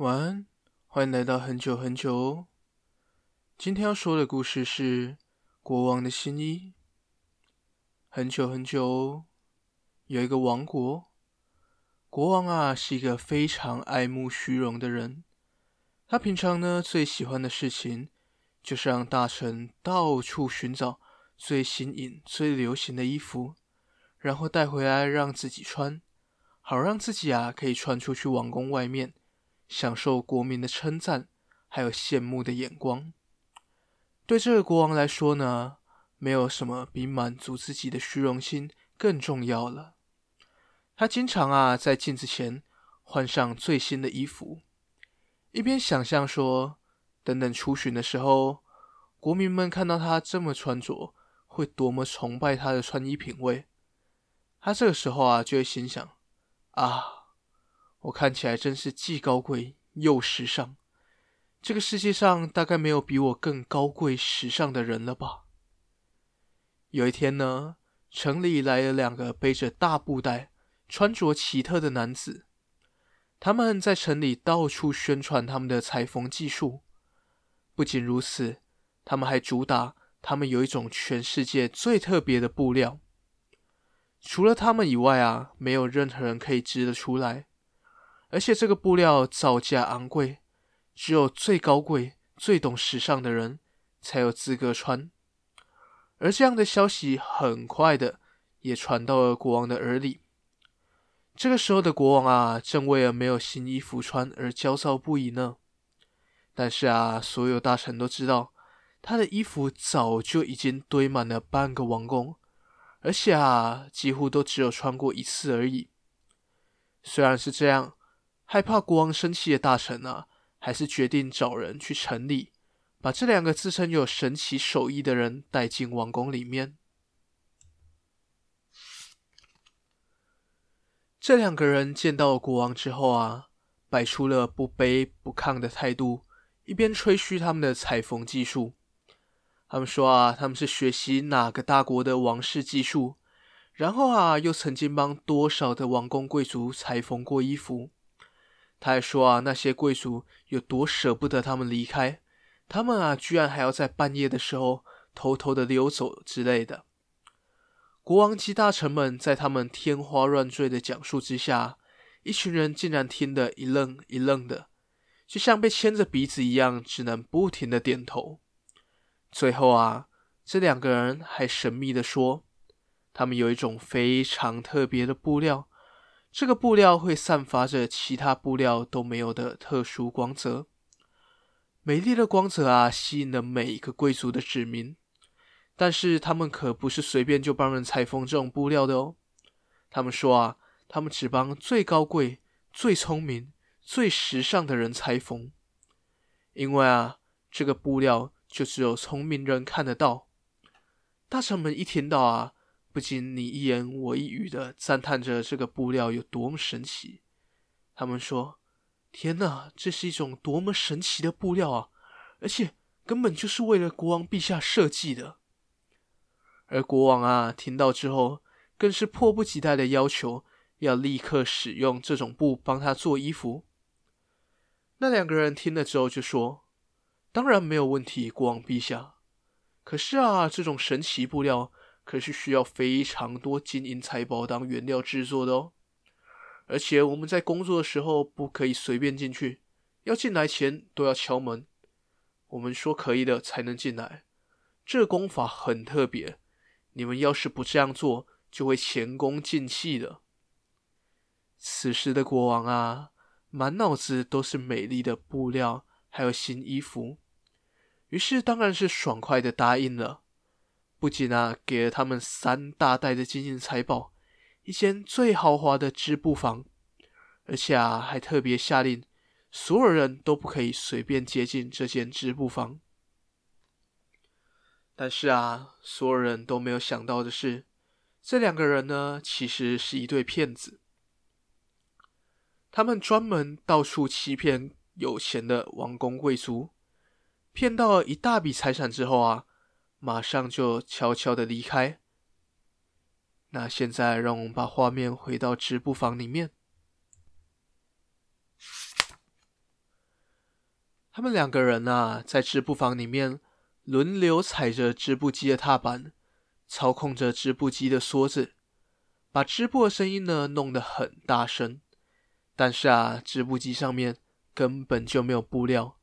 晚安，歡迎來到很久很久哦。今天要說的故事是《國王的新衣》。很久很久，有一個王國，國王啊是一個非常愛慕虛榮的人。他平常呢最喜歡的事情就是讓大臣到處尋找最新穎、最流行的衣服，然後帶回來讓自己穿，好讓自己啊可以穿出去王宮外面。享受國民的稱讚，還有羨慕的眼光，對這個國王來說呢，沒有什麼比滿足自己的虛榮心更重要了。他經常啊，在鏡子前換上最新的衣服，一邊想象說，等等出巡的時候，國民們看到他這麼穿着，會多麼崇拜他的穿衣品味。他這個時候啊，就會心想，啊。我看起來真是既高貴又時尚，這個世界上大概沒有比我更高貴、時尚的人了吧？有一天呢，城裡來了兩個背着大布袋、穿着奇特的男子，他們在城裡到處宣傳他們的裁縫技術。不僅如此，他們還主打他們有一種全世界最特別的布料，除了他們以外啊，沒有任何人可以織得出來。而且這個布料造價昂貴，只有最高貴、最懂時尚的人才有資格穿。而這樣的消息很快的也傳到了國王的耳裡。這個時候的國王啊，正為了沒有新衣服穿而焦躁不已呢。但是啊，所有大臣都知道，他的衣服早就已經堆滿了半個王宮，而且啊，幾乎都只有穿過一次而已。雖然是這樣。害怕國王生氣的大臣啊，還是決定找人去城裡，把這兩個自稱有神奇手藝的人帶進王宮裡面。這兩個人見到了國王之後啊，擺出了不卑不亢的態度，一邊吹噓他們的裁縫技術。他們說啊，他們是學習哪個大國的王室技術，然後啊，又曾經幫多少的王公貴族裁縫過衣服。他還說啊，那些貴族有多捨不得他們離開，他們啊，居然還要在半夜的時候偷偷的溜走之類的。國王及大臣們在他們天花亂墜的講述之下，一群人竟然聽得一愣一愣的，就像被牽着鼻子一樣，只能不停的點頭。最後啊，這兩個人還神秘的說，他們有一種非常特別的布料。這個布料會散發着其他布料都沒有的特殊光澤，美麗的光澤啊，吸引了每一個貴族的指名。但是他們可不是隨便就幫人裁縫這種布料的哦。他們說啊，他們只幫最高貴、最聰明、最時尚的人裁縫，因為啊，這個布料就只有聰明人看得到。大臣們一聽到啊。不禁你一言我一語的讚嘆着這個布料有多麼神奇，他們說：“天哪，這是一種多麼神奇的布料啊！而且根本就是為了國王陛下設計的。”而國王啊，聽到之後更是迫不及待的要求要立刻使用這種布幫他做衣服。那兩個人聽了之後就說：“當然沒有問題，國王陛下。可是啊，這種神奇布料……”可是需要非常多金銀財寶當原料制作的哦，而且我們在工作的時候不可以隨便進去，要進來前都要敲門，我們說可以的才能進來。這功法很特別，你們要是不這樣做，就會前功盡棄的。此時的國王啊，滿腦子都是美麗的布料還有新衣服，於是當然是爽快的答應了。不僅啊給了他們三大袋的金銀財寶，一間最豪華的織布房，而且啊還特別下令，所有人都不可以隨便接近這間織布房。但是啊，所有人都沒有想到的是，這兩個人呢，其實是一對騙子，他們專門到處欺騙有錢的王公貴族，騙到了一大筆財產之後啊。馬上就悄悄的離開。那現在讓我們把畫面回到織布房裡面。他們兩個人啊，在織布房裡面輪流踩着織布機的踏板，操控着織布機的梭子，把織布的聲音呢弄得很大聲。但是啊，織布機上面根本就沒有布料，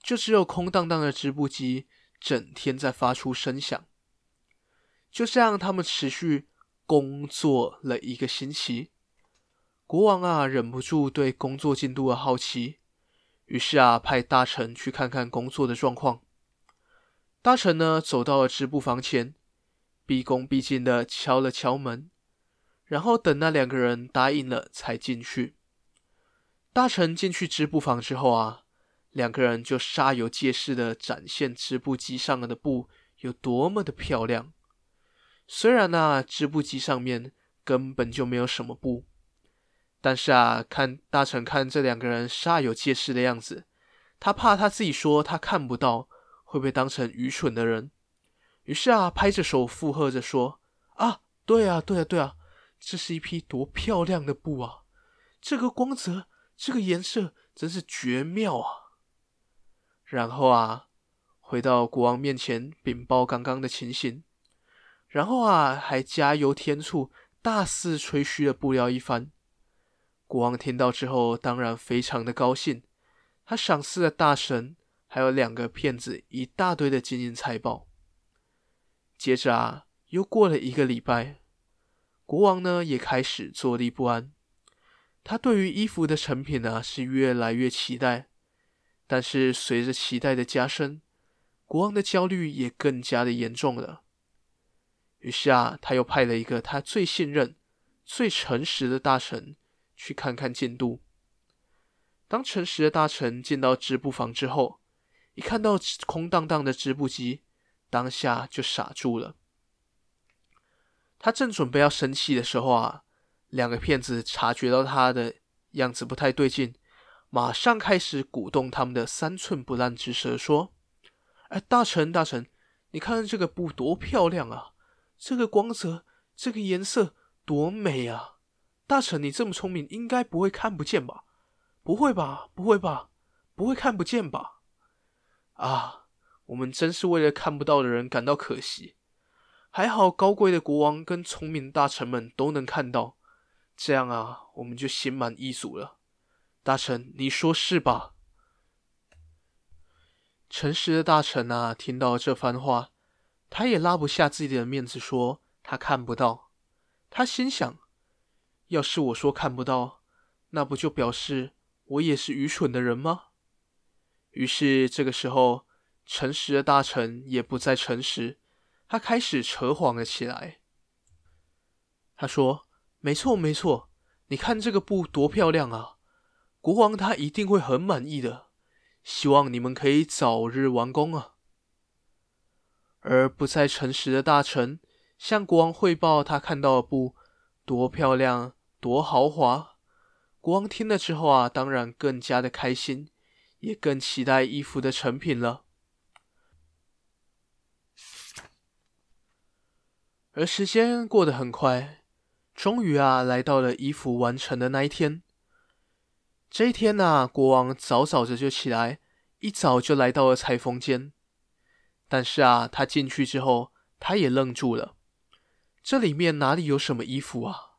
就只有空荡荡的織布機。整天在發出聲響，就這樣，他們持續工作了一個星期。國王啊，忍不住對工作進度的好奇，於是啊，派大臣去看看工作的狀況。大臣呢，走到了織布房前，畢恭畢敬地敲了敲門，然後等那兩個人答應了才進去。大臣進去織布房之後啊。兩個人就煞有介事的展現織布機上的布有多麼的漂亮。雖然那、啊、織布機上面根本就沒有什麼布，但是啊，看大臣看這兩個人煞有介事的樣子，他怕他自己說他看不到會被當成愚蠢的人，於是啊，拍着手附和着說：“啊，對啊，對啊，對啊，這是一匹多漂亮的布啊！這個光澤，這個顏色真是絕妙啊！”然後啊，回到國王面前稟報剛剛的情形，然後啊，還加油添醋，大肆吹噓了布料一番。國王聽到之後，當然非常的高興，他賞賜了大神還有兩個騙子一大堆的金銀財寶。接着啊，又過了一個禮拜，國王呢也開始坐立不安，他對於衣服的成品呢，啊，是越來越期待。但是隨着期待的加深，國王的焦慮也更加的嚴重了。於是啊，他又派了一個他最信任、最誠實的大臣去看看進度。當誠實的大臣進到織布房之後，一看到空蕩蕩的織布機，當下就傻住了。他正準備要生氣的時候啊，兩個騙子察覺到他的樣子不太對勁。馬上開始鼓動他們的三寸不爛之舌，說：“哎，大臣，大臣，你看這個布多漂亮啊！這個光澤，這個顏色多美啊！大臣，你這麼聰明，應該不會看不見吧？不會吧？不會吧？不會看不見吧？啊！我們真是為了看不到的人感到可惜。還好，高貴的國王跟聰明的大臣們都能看到，這樣啊，我們就心滿意足了。”大臣，你說是吧？誠實的大臣吶、啊，聽到了這番話，他也拉不下自己的面子說，說他看不到。他心想：要是我說看不到，那不就表示我也是愚蠢的人嗎？於是，這個時候，誠實的大臣也不再誠實，他開始扯謊了起來。他說：“沒錯，沒錯，你看這個布多漂亮啊！”國王他一定會很滿意的，希望你們可以早日完工啊。而不再誠實的大臣向國王匯報他看到的布，多漂亮，多豪華，國王聽了之後啊，當然更加的開心，也更期待衣服的成品了。而時間過得很快，終於啊，來到了衣服完成的那一天。這一天呢、啊，國王早早的就起來，一早就來到了裁縫間。但是啊，他進去之後，他也愣住了。這裡面哪裡有什麼衣服啊？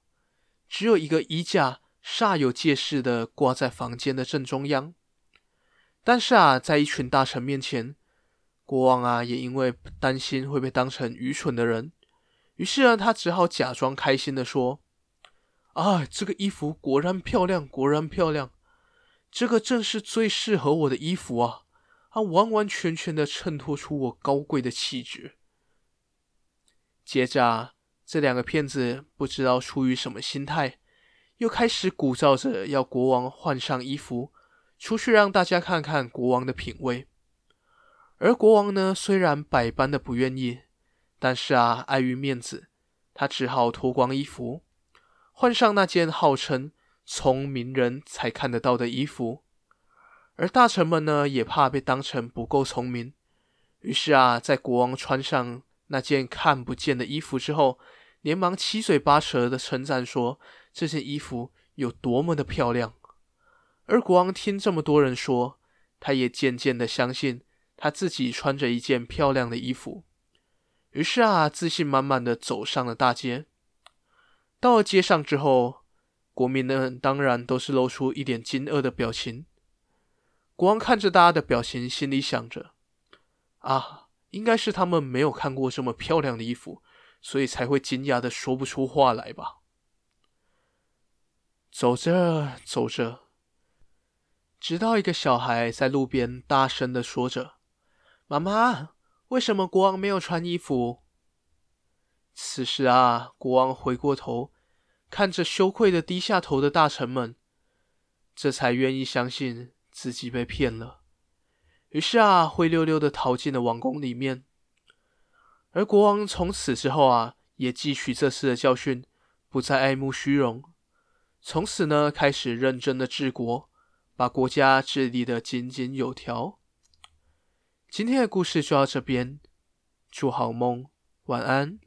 只有一個衣架，煞有介事的掛在房間的正中央。但是啊，在一群大臣面前，國王啊也因為擔心會被當成愚蠢的人，於是呢、啊，他只好假裝開心地說：“啊，這個衣服果然漂亮，果然漂亮。”這個正是最適合我的衣服啊！它啊，完完全全的襯托出我高貴的氣質。接着啊，這兩個騙子不知道出於什麼心態，又開始鼓噪着要國王換上衣服，出去讓大家看看國王的品味。而國王呢，雖然百般的不願意，但是啊，礙於面子，他只好脫光衣服，換上那件號稱……聰明人才看得到的衣服，而大臣們呢，也怕被當成不夠聰明，於是啊，在國王穿上那件看不見的衣服之後，連忙七嘴八舌的稱讚說：“這件衣服有多麼的漂亮。”而國王聽這麼多人說，他也漸漸的相信他自己穿着一件漂亮的衣服，於是啊，自信滿滿的走上了大街。到了街上之後。國民們當然都是露出一臉驚愕的表情。國王看着大家的表情，心裡想着：“啊，應該是他們沒有看過這麼漂亮的衣服，所以才會驚訝的說不出話來吧。”走着走着，直到一個小孩在路邊大聲的說着：“媽媽，為什麼國王沒有穿衣服？”此時啊，國王回過頭。看着羞愧的低下頭的大臣們，這才願意相信自己被騙了。於是啊，灰溜溜的逃進了王宮裡面。而國王從此之後啊，也汲取這次的教訓，不再愛慕虛榮。從此呢，開始認真的治國，把國家治理得井井有條。今天的故事就到這邊，祝好夢，晚安。